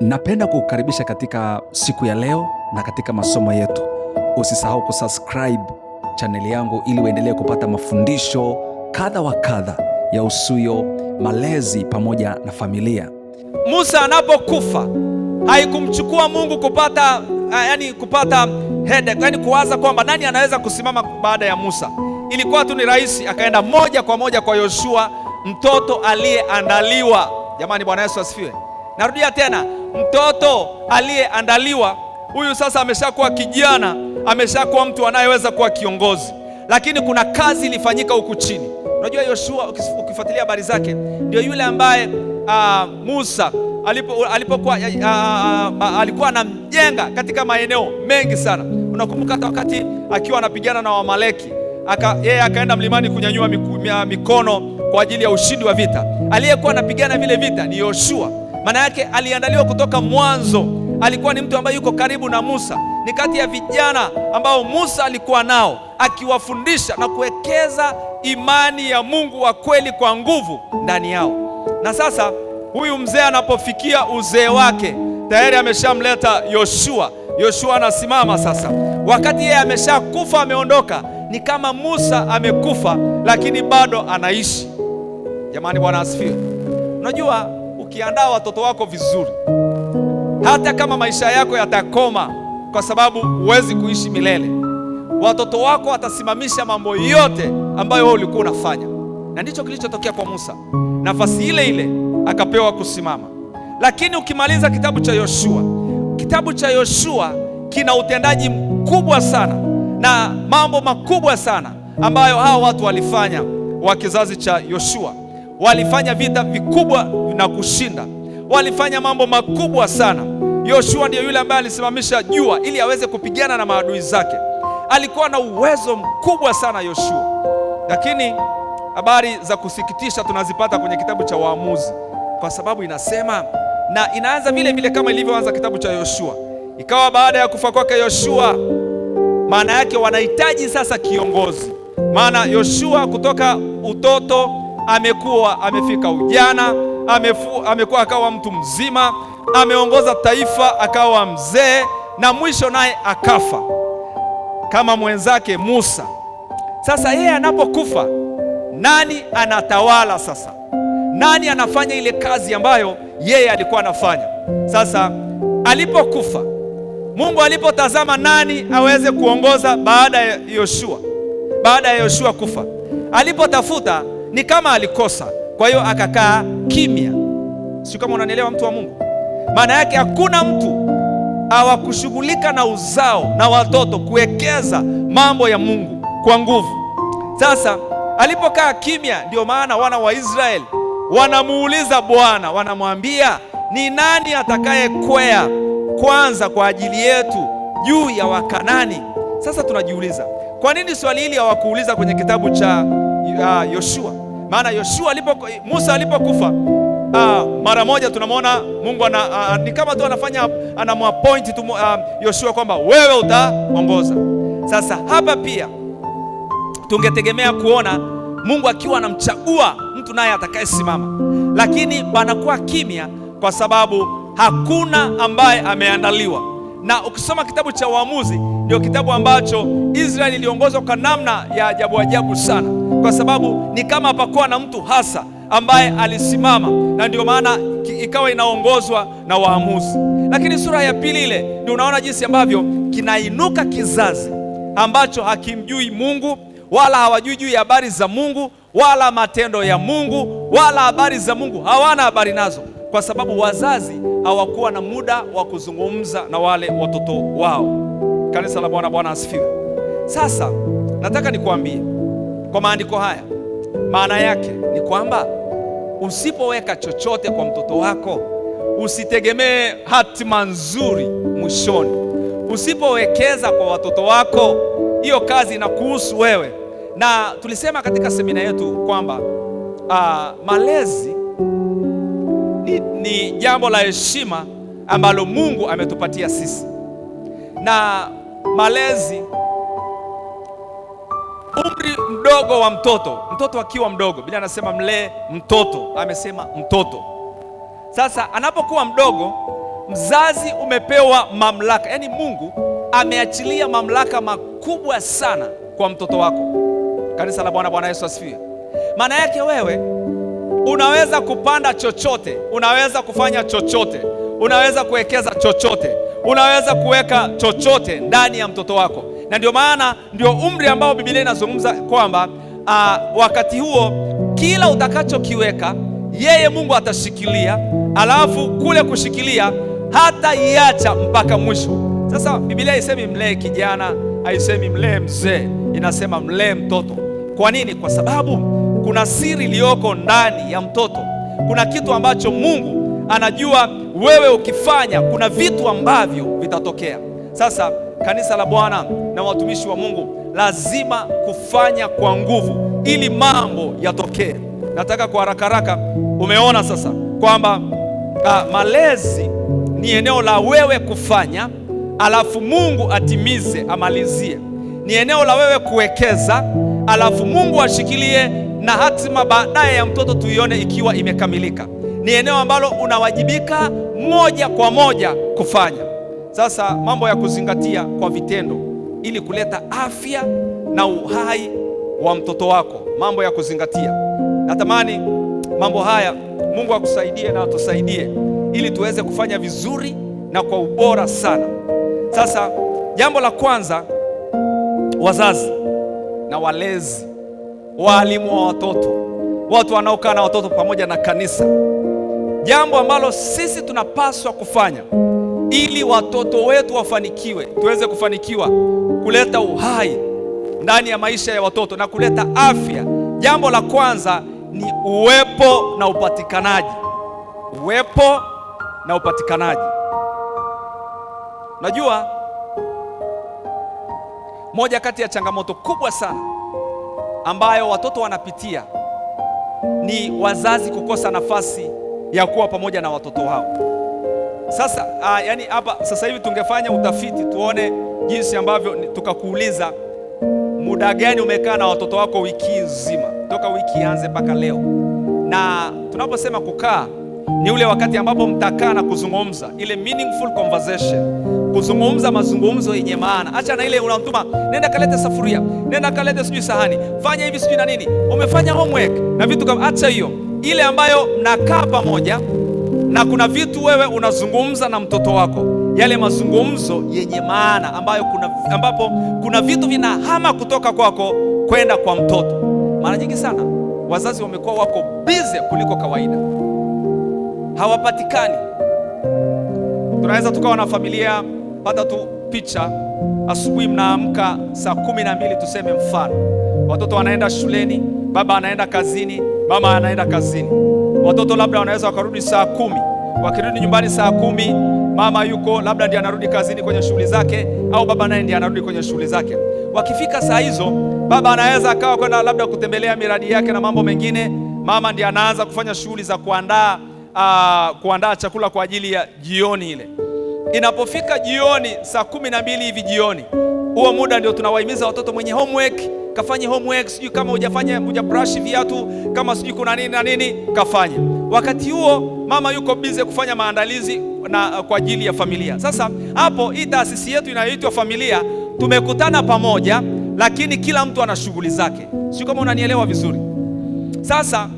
Napenda kukukaribisha katika siku ya leo na katika masomo yetu. Usisahau kusubscribe chaneli yangu ili uendelee kupata mafundisho kadha wa kadha ya usuyo malezi pamoja na familia. Musa anapokufa haikumchukua Mungu kupata ah, yani kupata headache, yani kuwaza kwamba nani anaweza kusimama baada ya Musa. Ilikuwa tu ni rahisi, akaenda moja kwa moja kwa Yoshua, mtoto aliyeandaliwa. Jamani, Bwana Yesu asifiwe. Narudia tena, mtoto aliyeandaliwa huyu sasa ameshakuwa kijana, ameshakuwa mtu anayeweza kuwa kiongozi, lakini kuna kazi ilifanyika huku chini. Unajua Yoshua, ukifuatilia habari zake, ndio yule ambaye uh, Musa alipo, alipokuwa uh, uh, alikuwa anamjenga katika maeneo mengi sana. Unakumbuka hata wakati akiwa anapigana na Wamaleki aka, yeye akaenda mlimani kunyanyua mikono kwa ajili ya ushindi wa vita. Aliyekuwa anapigana vile vita ni Yoshua. Maana yake aliandaliwa kutoka mwanzo, alikuwa ni mtu ambaye yuko karibu na Musa, ni kati ya vijana ambao Musa alikuwa nao akiwafundisha na kuwekeza imani ya Mungu wa kweli kwa nguvu ndani yao. Na sasa huyu mzee anapofikia uzee wake tayari ameshamleta Yoshua. Yoshua anasimama sasa, wakati yeye ameshakufa ameondoka, ni kama Musa amekufa lakini bado anaishi. Jamani, Bwana asifiwe. Unajua ukiandaa watoto wako vizuri, hata kama maisha yako yatakoma, kwa sababu huwezi kuishi milele, watoto wako watasimamisha mambo yote ambayo wewe ulikuwa unafanya, na ndicho kilichotokea kwa Musa. Nafasi ile ile akapewa kusimama. Lakini ukimaliza kitabu cha Yoshua, kitabu cha Yoshua kina utendaji mkubwa sana na mambo makubwa sana ambayo hawa watu walifanya wa kizazi cha Yoshua walifanya vita vikubwa na kushinda, walifanya mambo makubwa sana. Yoshua ndiyo yule ambaye alisimamisha jua ili aweze kupigana na maadui zake. Alikuwa na uwezo mkubwa sana Yoshua, lakini habari za kusikitisha tunazipata kwenye kitabu cha Waamuzi, kwa sababu inasema na inaanza vile vile kama ilivyoanza kitabu cha Yoshua. Ikawa baada ya kufa kwake Yoshua, maana yake wanahitaji sasa kiongozi, maana Yoshua kutoka utoto amekuwa amefika ujana, amekuwa akawa mtu mzima, ameongoza taifa akawa mzee, na mwisho naye akafa kama mwenzake Musa. Sasa yeye anapokufa, nani anatawala sasa? Nani anafanya ile kazi ambayo yeye alikuwa anafanya? Sasa alipokufa, Mungu alipotazama nani aweze kuongoza baada ya Yoshua, baada ya Yoshua kufa, alipotafuta ni kama alikosa, kwa hiyo akakaa kimya. Sio kama unanielewa, mtu wa Mungu? Maana yake hakuna mtu awakushughulika na uzao na watoto, kuwekeza mambo ya Mungu kwa nguvu. Sasa alipokaa kimya, ndio maana wana wa Israeli wanamuuliza Bwana, wanamwambia ni nani atakayekwea kwanza kwa ajili yetu juu ya Wakanani? Sasa tunajiuliza kwa nini swali hili hawakuuliza kwenye kitabu cha uh, Yoshua? Maana Yoshua alipo Musa alipokufa uh, mara moja tunamwona Mungu ana, uh, ni kama tu anafanya anamwapoint tu uh, Yoshua kwamba wewe utaongoza. Sasa hapa pia tungetegemea kuona Mungu akiwa anamchagua mtu naye atakayesimama, lakini panakuwa kimya kwa sababu hakuna ambaye ameandaliwa. Na ukisoma kitabu cha Waamuzi, ndio kitabu ambacho Israeli iliongozwa kwa namna ya ajabu ajabu sana kwa sababu ni kama hapakuwa na mtu hasa ambaye alisimama, na ndio maana ikawa inaongozwa na waamuzi. Lakini sura ya pili ile ndio unaona jinsi ambavyo kinainuka kizazi ambacho hakimjui Mungu wala hawajui juu ya habari za Mungu wala matendo ya Mungu wala habari za Mungu, hawana habari nazo kwa sababu wazazi hawakuwa na muda wa kuzungumza na wale watoto wao. Kanisa la Bwana, Bwana asifiwe. Sasa nataka nikuambie kwa maandiko haya. Maana yake ni kwamba usipoweka chochote kwa mtoto wako, usitegemee hatima nzuri mwishoni. Usipowekeza kwa watoto wako, hiyo kazi inakuhusu wewe. Na tulisema katika semina yetu kwamba uh, malezi ni, ni jambo la heshima ambalo Mungu ametupatia sisi, na malezi umri udogo wa mtoto, mtoto akiwa mdogo, Biblia anasema mlee mtoto, amesema mtoto. Sasa anapokuwa mdogo, mzazi umepewa mamlaka, yaani Mungu ameachilia mamlaka makubwa sana kwa mtoto wako. Kanisa la Bwana, Bwana Yesu asifiwe. Maana yake wewe unaweza kupanda chochote, unaweza kufanya chochote, unaweza kuwekeza chochote, unaweza kuweka chochote ndani ya mtoto wako na ndio maana ndio umri ambao Biblia inazungumza kwamba uh, wakati huo kila utakachokiweka yeye Mungu atashikilia, alafu kule kushikilia hata iacha mpaka mwisho. Sasa Biblia haisemi mlee kijana, haisemi mlee mzee, inasema mlee mtoto. Kwa nini? Kwa sababu kuna siri iliyoko ndani ya mtoto, kuna kitu ambacho Mungu anajua wewe ukifanya, kuna vitu ambavyo vitatokea. Sasa kanisa la Bwana na watumishi wa Mungu lazima kufanya kwa nguvu ili mambo yatokee. Nataka kwa haraka haraka, umeona sasa kwamba uh, malezi ni eneo la wewe kufanya, alafu Mungu atimize amalizie. Ni eneo la wewe kuwekeza, alafu Mungu ashikilie, na hatima baadaye ya mtoto tuione ikiwa imekamilika. Ni eneo ambalo unawajibika moja kwa moja kufanya. Sasa mambo ya kuzingatia kwa vitendo ili kuleta afya na uhai wa mtoto wako, mambo ya kuzingatia. Natamani mambo haya Mungu akusaidie na atusaidie ili tuweze kufanya vizuri na kwa ubora sana. Sasa jambo la kwanza, wazazi na walezi, waalimu wa watoto, watu wanaokaa na watoto pamoja na kanisa, jambo ambalo sisi tunapaswa kufanya ili watoto wetu wafanikiwe, tuweze kufanikiwa kuleta uhai ndani ya maisha ya watoto na kuleta afya. Jambo la kwanza ni uwepo na upatikanaji, uwepo na upatikanaji. unajua moja kati ya changamoto kubwa sana ambayo watoto wanapitia ni wazazi kukosa nafasi ya kuwa pamoja na watoto wao. Sasa aa, ah, yani hapa sasa hivi tungefanya utafiti tuone jinsi ambavyo tukakuuliza muda gani umekaa na watoto wako wiki nzima toka wiki ianze mpaka leo. Na tunaposema kukaa ni ule wakati ambapo mtakaa na kuzungumza ile meaningful conversation, kuzungumza mazungumzo yenye maana. Acha na ile unamtuma, nenda kalete safuria, nenda kalete sijui sahani, fanya hivi sijui na nini, umefanya homework na vitu kama. Acha hiyo, ile ambayo mnakaa pamoja na kuna vitu wewe unazungumza na mtoto wako, yale mazungumzo yenye maana ambayo kuna, ambapo kuna vitu vinahama kutoka kwako kwenda kwa mtoto. Mara nyingi sana wazazi wamekuwa wako bize kuliko kawaida, hawapatikani. Tunaweza tukawa na familia, pata tu picha, asubuhi mnaamka saa kumi na mbili tuseme mfano, watoto wanaenda shuleni, baba anaenda kazini, mama anaenda kazini Watoto labda wanaweza wakarudi saa kumi, wakirudi nyumbani saa kumi mama yuko labda ndiye anarudi kazini kwenye shughuli zake, au baba naye ndiye anarudi kwenye shughuli zake. Wakifika saa hizo, baba anaweza akawa kwenda labda kutembelea miradi yake na mambo mengine, mama ndiye anaanza kufanya shughuli za kuandaa uh, kuandaa chakula kwa ajili ya jioni ile. Inapofika jioni saa kumi na mbili hivi jioni, huo muda ndio tunawahimiza watoto mwenye homework kafanye homework, sijui kama hujafanya hujabrush viatu, kama sijui kuna nini na nini, kafanye. Wakati huo mama yuko bize kufanya maandalizi na uh, kwa ajili ya familia. Sasa hapo hii taasisi yetu inayoitwa familia tumekutana pamoja, lakini kila mtu ana shughuli zake, sio kama unanielewa vizuri. Sasa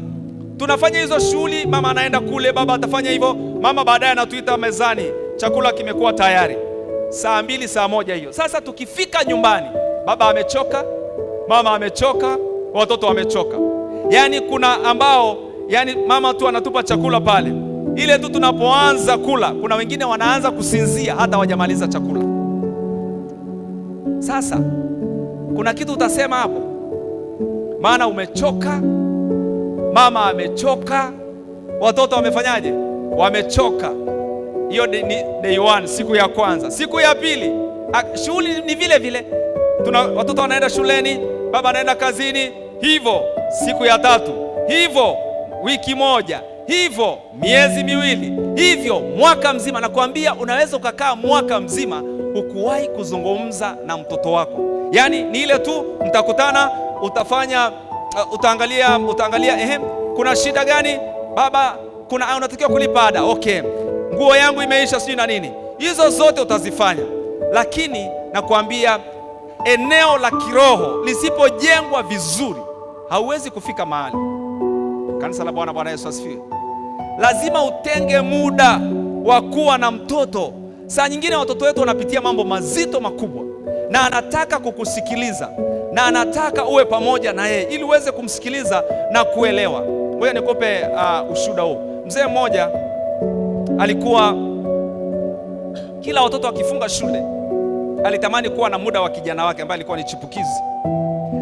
tunafanya hizo shughuli, mama anaenda kule, baba atafanya hivyo, mama baadaye anatuita mezani, chakula kimekuwa tayari saa mbili, saa moja hiyo. Sasa tukifika nyumbani, baba amechoka mama amechoka, watoto wamechoka. Yaani kuna ambao yaani mama tu anatupa chakula pale, ile tu tunapoanza kula, kuna wengine wanaanza kusinzia hata hawajamaliza chakula. Sasa kuna kitu utasema hapo, maana umechoka, mama amechoka, watoto wamefanyaje? Wamechoka. Hiyo ni day one, siku ya kwanza. Siku ya pili shughuli ni vile vile, tuna watoto wanaenda shuleni baba anaenda kazini, hivyo siku ya tatu, hivyo wiki moja, hivyo miezi miwili, hivyo mwaka mzima. Nakwambia unaweza ukakaa mwaka mzima hukuwahi kuzungumza na mtoto wako, yaani ni ile tu mtakutana, utafanya uh, utaangalia utaangalia, ehe, kuna shida gani baba? Kuna ah, unatakiwa kulipa ada, okay, nguo yangu imeisha, sijui na nini, hizo zote utazifanya, lakini nakwambia eneo la kiroho lisipojengwa vizuri, hauwezi kufika mahali. Kanisa la Bwana, Bwana Yesu asifiwe. Lazima utenge muda wa kuwa na mtoto. Saa nyingine watoto wetu wanapitia mambo mazito makubwa, na anataka kukusikiliza na anataka uwe pamoja na yeye ili uweze kumsikiliza na kuelewa. Ngoja nikupe uh, ushuda huu. Mzee mmoja alikuwa kila watoto wakifunga shule alitamani kuwa na muda wa kijana wake ambaye alikuwa ni chipukizi.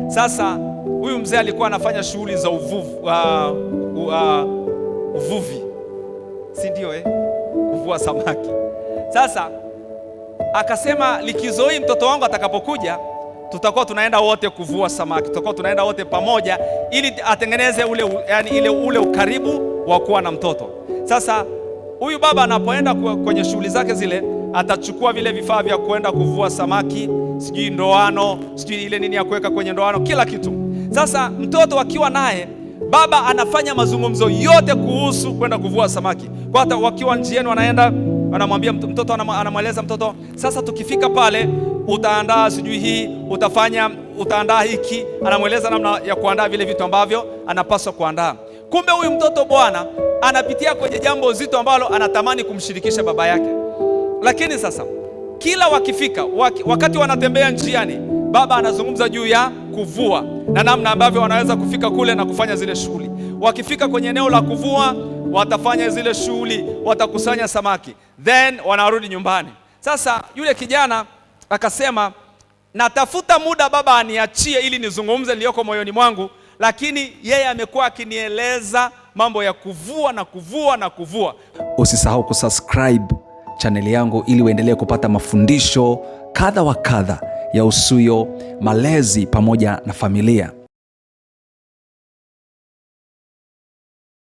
Sasa huyu mzee alikuwa anafanya shughuli za uvuvu, uh, uh, uvuvi si ndio eh? Kuvua samaki. Sasa akasema likizo hii mtoto wangu atakapokuja tutakuwa tunaenda wote kuvua samaki, tutakuwa tunaenda wote pamoja, ili atengeneze ule, yani ile ule ukaribu wa kuwa na mtoto. Sasa huyu baba anapoenda kwenye shughuli zake zile atachukua vile vifaa vya kwenda kuvua samaki, sijui ndoano, sijui ile nini ya kuweka kwenye ndoano, kila kitu. Sasa mtoto akiwa naye baba anafanya mazungumzo yote kuhusu kwenda kuvua samaki, kwa hata wakiwa njiani wanaenda, anamwambia mtoto, anamweleza mtoto, sasa tukifika pale utaandaa sijui hii, utafanya utaandaa hiki, anamweleza namna ya kuandaa vile vitu ambavyo anapaswa kuandaa. Kumbe huyu mtoto bwana anapitia kwenye jambo zito ambalo anatamani kumshirikisha baba yake. Lakini sasa kila wakifika waki, wakati wanatembea njiani, baba anazungumza juu ya kuvua na namna ambavyo wanaweza kufika kule na kufanya zile shughuli. Wakifika kwenye eneo la kuvua, watafanya zile shughuli, watakusanya samaki, then wanarudi nyumbani. Sasa yule kijana akasema, natafuta muda baba aniachie ili nizungumze niliyoko moyoni mwangu, lakini yeye amekuwa akinieleza mambo ya kuvua na kuvua na kuvua. Usisahau kusubscribe chaneli yangu ili uendelee kupata mafundisho kadha wa kadha ya usuyo malezi pamoja na familia.